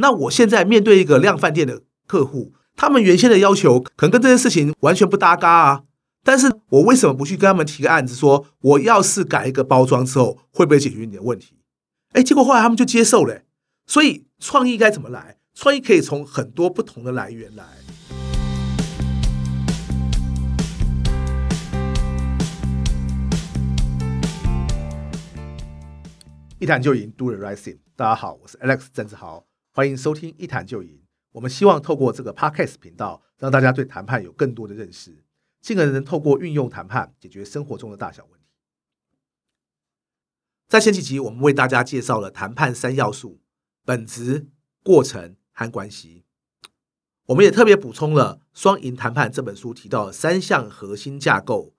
那我現在面對一個量販店的客戶，他們原先的要求可能跟這件事情完全不搭嘎啊。但是我為什麼不去跟他們提個案子說，說我要是改一個包裝之後，會不會解決你的問題？哎，結果後來他們就接受了。所以創意該怎麼來？創意可以從很多不同的來源來。一談就贏，Do the right thing。大家好，我是 Alex 鄭志豪。歡迎收聽《一談就贏》，我們希望透過這個 podcast 頻道，讓大家對談判有更多的認識，盡可能能透過運用談判解決生活中的大小問題。在前幾集，我們為大家介紹了談判三要素：本質、過程和關係。我們也特別補充了《雙贏談判》這本書提到的三項核心架構：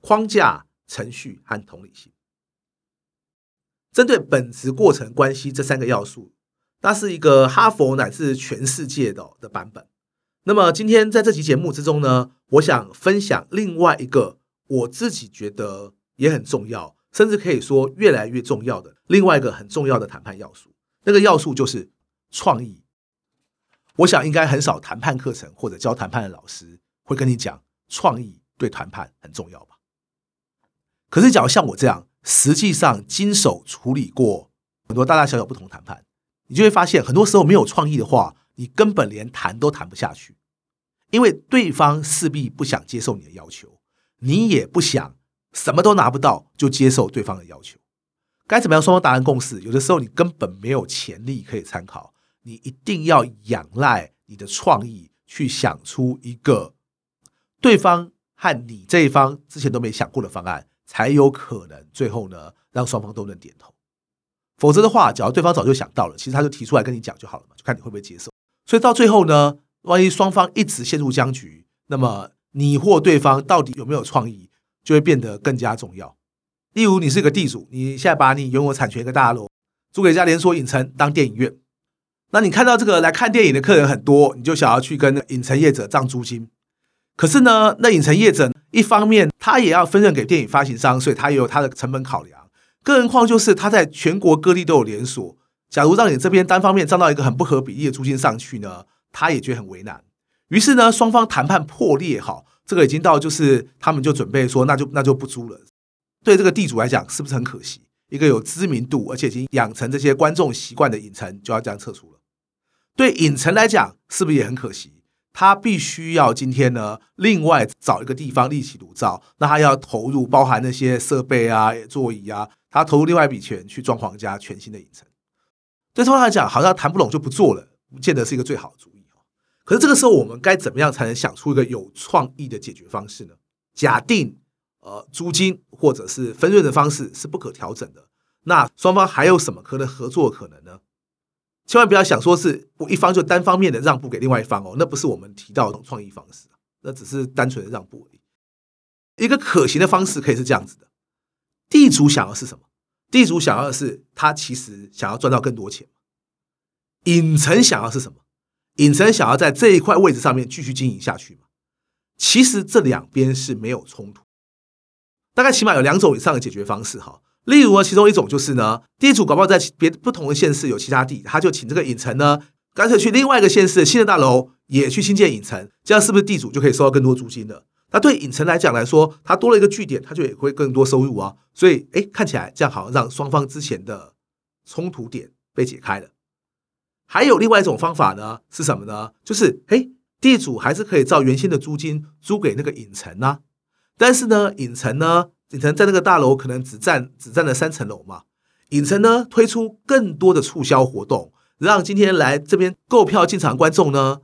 框架、程序和同理心。針對本質、過程、關係這三個要素。那是一個哈佛乃至全世界的的版本。那麼今天在這期節目之中呢，我想分享另外一個我自己覺得也很重要，甚至可以說越來越重要的另外一個很重要的談判要素。那個要素就是創意。我想應該很少談判課程或者教談判的老師會跟你講創意對談判很重要吧？可是，假如像我這樣，實際上經手處理過很多大大小小不同的談判。你就會發現，很多時候沒有創意的話，你根本連談都談不下去，因為對方勢必不想接受你的要求，你也不想什麼都拿不到就接受對方的要求。該怎麼樣雙方達成共識？有的時候你根本沒有前例可以參考，你一定要仰賴你的創意去想出一個對方和你這一方之前都沒想過的方案，才有可能最後呢，讓雙方都能點頭。否則的話，假如對方早就想到了，其實他就提出來跟你講就好了嘛，就看你會不會接受。所以到最後呢，萬一雙方一直陷入僵局，那麼你或對方到底有沒有創意，就會變得更加重要。例如，你是一個地主，你現在把你擁有產權一個大樓租給一家連鎖影城當電影院，那你看到這個來看電影的客人很多，你就想要去跟影城業者漲租金。可是呢，那影城業者一方面他也要分潤給電影發行商，所以他也有他的成本考量。更何況，就是他在全國各地都有連鎖。假如讓你這邊單方面漲到一個很不合比例的租金上去呢，他也覺得很為難。於是呢，雙方談判破裂，哈，這個已經到就是他們就準備說，那就那就不租了。對這個地主來講，是不是很可惜？一個有知名度，而且已經養成這些觀眾習慣的影城，就要這樣撤出了。對影城來講，是不是也很可惜？他必須要今天呢，另外找一個地方另起爐灶，那他要投入包含那些設備啊、座椅啊，他投入另外一筆錢去裝潢一家全新的影城。對，通常來講，好像談不攏就不做了，不見得是一個最好的主意。可是這個時候，我們該怎麼樣才能想出一個有創意的解決方式呢？假定呃，租金或者是分潤的方式是不可調整的，那雙方還有什麼可能合作的可能呢？千萬不要想說是我一方就單方面的讓步給另外一方哦，那不是我們提到的創意方式，那只是單純的讓步而已。一個可行的方式可以是這樣子的：地主想要的是什麼？地主想要的是他其實想要賺到更多錢。影城想要是什麼？影城想要在這一塊位置上面繼續經營下去嘛？其實這兩邊是沒有衝突，大概起碼有兩種以上的解決方式哈。例如呢，其中一種就是呢，地主搞不好在別不同的縣市有其他地，他就請這個影城呢，乾脆去另外一個縣市的新的大樓也去新建影城，這樣是不是地主就可以收到更多租金了？那對影城來講來說，它多了一個據點，它就也會更多收入啊。所以，哎，看起來這樣好像讓雙方之前的衝突點被解開了。還有另外一種方法呢，是什麼呢？就是，哎，地主還是可以照原先的租金租給那個影城啊，但是呢，影城呢？影城在那個大樓可能只占只占了三層樓嘛。影城呢，推出更多的促銷活動，讓今天來這邊購票進場觀眾呢，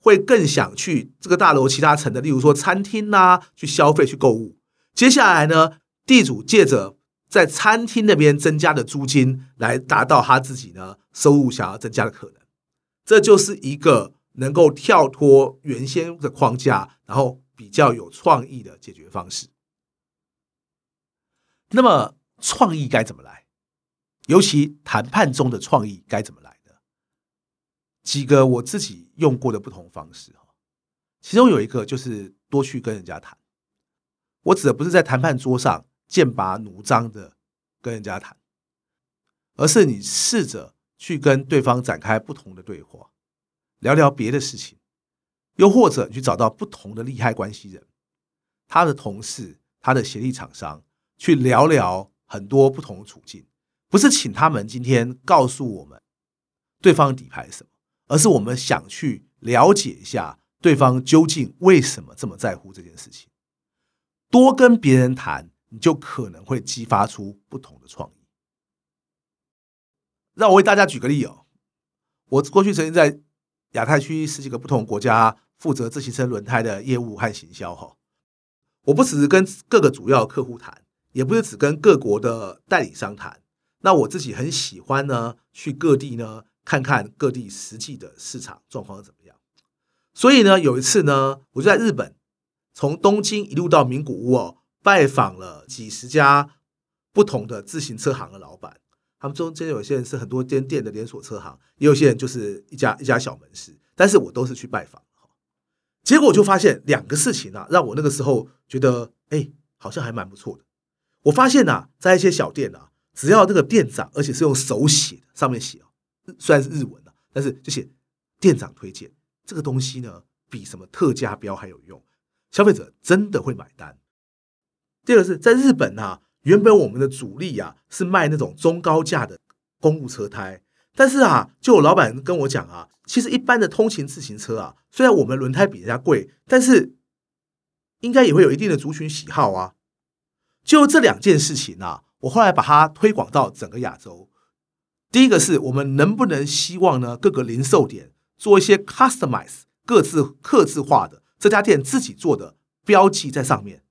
會更想去這個大樓其他層的，例如說餐廳吶、啊，去消費去購物。接下來呢，地主借着在餐廳那邊增加的租金，來達到他自己呢，收入想要增加的可能。這就是一個能夠跳脫原先的框架，然後比較有創意的解決方式。那麼創意該怎麼來？尤其談判中的創意該怎麼來的？幾個我自己用過的不同方式，其中有一個就是多去跟人家談。我指的不是在談判桌上劍拔弩張的跟人家談，而是你試着去跟對方展開不同的對話，聊聊別的事情，又或者你去找到不同的利害關係人，他的同事，他的協力廠商。去聊聊很多不同的處境，不是請他們今天告訴我們對方底牌是什麼，而是我們想去了解一下對方究竟為什麼這麼在乎這件事情。多跟別人談，你就可能會激發出不同的創意。讓我為大家舉個例哦，我過去曾經在亞太區十幾個不同國家負責自行車輪胎的業務和行銷哈，我不只是跟各個主要客戶談。也不是只跟各國的代理商談，那我自己很喜歡呢，去各地呢看看各地實際的市場狀況怎麼樣。所以呢，有一次呢，我就在日本，從東京一路到名古屋哦，拜訪了幾十家不同的自行車行的老板，他們中間有些人是很多間店的連鎖車行，也有些人就是一家一家小門市，但是我都是去拜訪。結果我就發現兩個事情啊，讓我那個時候覺得，哎、欸，好像還蠻不錯的。我發現吶、啊，在一些小店吶、啊，只要那個店長，而且是用手寫，上面寫，雖然是日文的，啊，但是就寫店長推薦這個東西呢，比什麼特價標還有用，消費者真的會買單。第二個是在日本啊，原本我們的主力啊，是賣那種中高價的公路車胎，但是啊，就我老闆跟我講啊，其實一般的通勤自行車啊，雖然我們輪胎比人家貴，但是應該也會有一定的族群喜好啊。就這兩件事情啊，我後來把它推廣到整個亞洲。第一個是我們能不能希望呢，各個零售點做一些 customize 各自客製化的這家店自己做的標記在上面。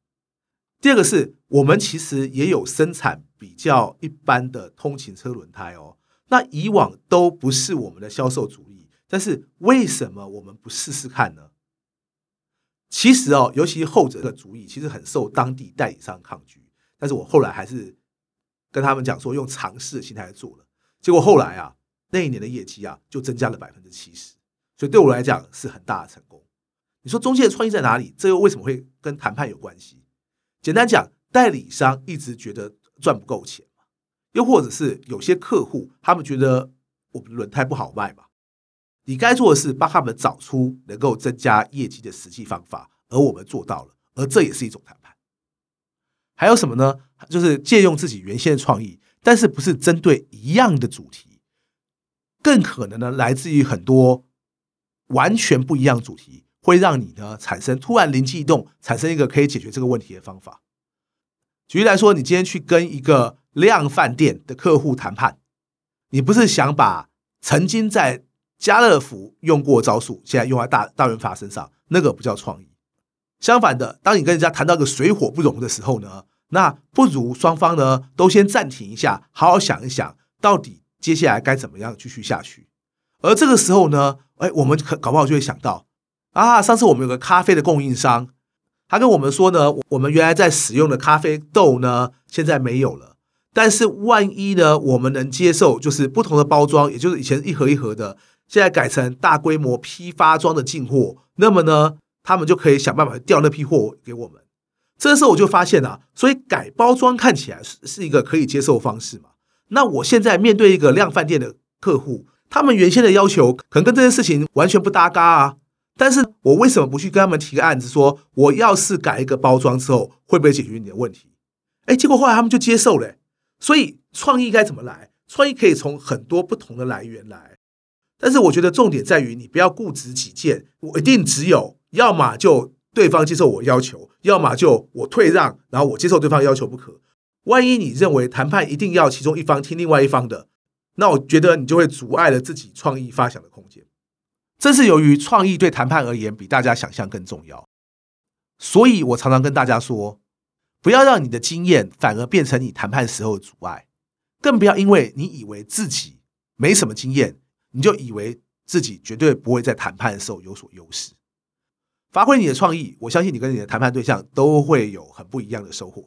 第二個是我們其實也有生產比較一般的通勤車輪胎哦，那以往都不是我們的銷售主意，但是為什麼我們不試試看呢？其實哦，尤其後者的主意，其實很受當地代理商抗拒。但是我後來還是跟他們講說，用嘗試的心態做了，結果後來啊，那一年的業績啊就增加了百分之七十，所以對我來講是很大的成功。你說中介的創意在哪裡？這又為什麼會跟談判有關係？簡單講，代理商一直覺得賺不夠錢嘛，又或者是有些客戶他們覺得我們的輪胎不好賣嘛，你該做的是幫他們找出能夠增加業績的實際方法，而我們做到了，而這也是一種談判。還有什麼呢？就是借用自己原先的創意，但是不是針對一樣的主題，更可能呢，來自於很多完全不一樣的主題，會讓你呢產生突然靈機一動，產生一個可以解決這個問題的方法。舉例來說，你今天去跟一個量販店的客戶談判，你不是想把曾經在家樂福用過的招數，現在用在大大潤發身上，那個不叫創意。相反的，當你跟人家談到一個水火不容的時候呢，那不如雙方呢都先暫停一下，好好想一想，到底接下來該怎麼樣繼續下去。而這個時候呢，哎、欸，我們可搞不好就會想到，啊，上次我們有個咖啡的供應商，他跟我們說呢，我們原來在使用的咖啡豆呢，現在沒有了。但是萬一呢，我們能接受，就是不同的包裝，也就是以前一盒一盒的，現在改成大規模批發裝的進貨，那麼呢，他們就可以想辦法調那批貨給我們。這時候我就發現啊，所以改包裝看起來是是一個可以接受方式嘛。那我現在面對一個量販店的客戶，他們原先的要求可能跟這件事情完全不搭嘎啊。但是我為什麼不去跟他們提個案子說，說我要是改一個包裝之後，會不會解決你的問題？哎，結果後來他們就接受了。所以創意該怎麼來？創意可以從很多不同的來源來，但是我覺得重點在於你不要固執己見，我一定只有要麼就。對方接受我要求，要麼就我退讓，然後我接受對方的要求不可。萬一你認為談判一定要其中一方聽另外一方的，那我覺得你就會阻礙了自己創意發想的空間。正是由於創意對談判而言比大家想象更重要，所以我常常跟大家說，不要讓你的經驗反而變成你談判時候的阻礙，更不要因為你以為自己沒什麼經驗，你就以為自己絕對不會在談判的時候有所優勢。發揮你的創意，我相信你跟你的談判對象都會有很不一樣的收穫。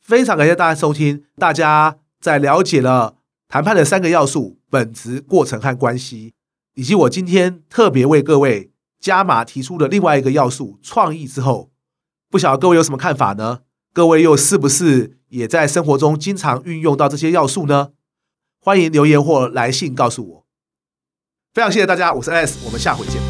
非常感謝大家收聽，大家在了解了談判的三個要素——本質、過程和關係，以及我今天特別為各位加碼提出的另外一個要素——創意之後，不曉得各位有什麼看法呢？各位又是不是也在生活中經常運用到這些要素呢？歡迎留言或來信告訴我。非常謝謝大家，我是 Alex，我們下回見。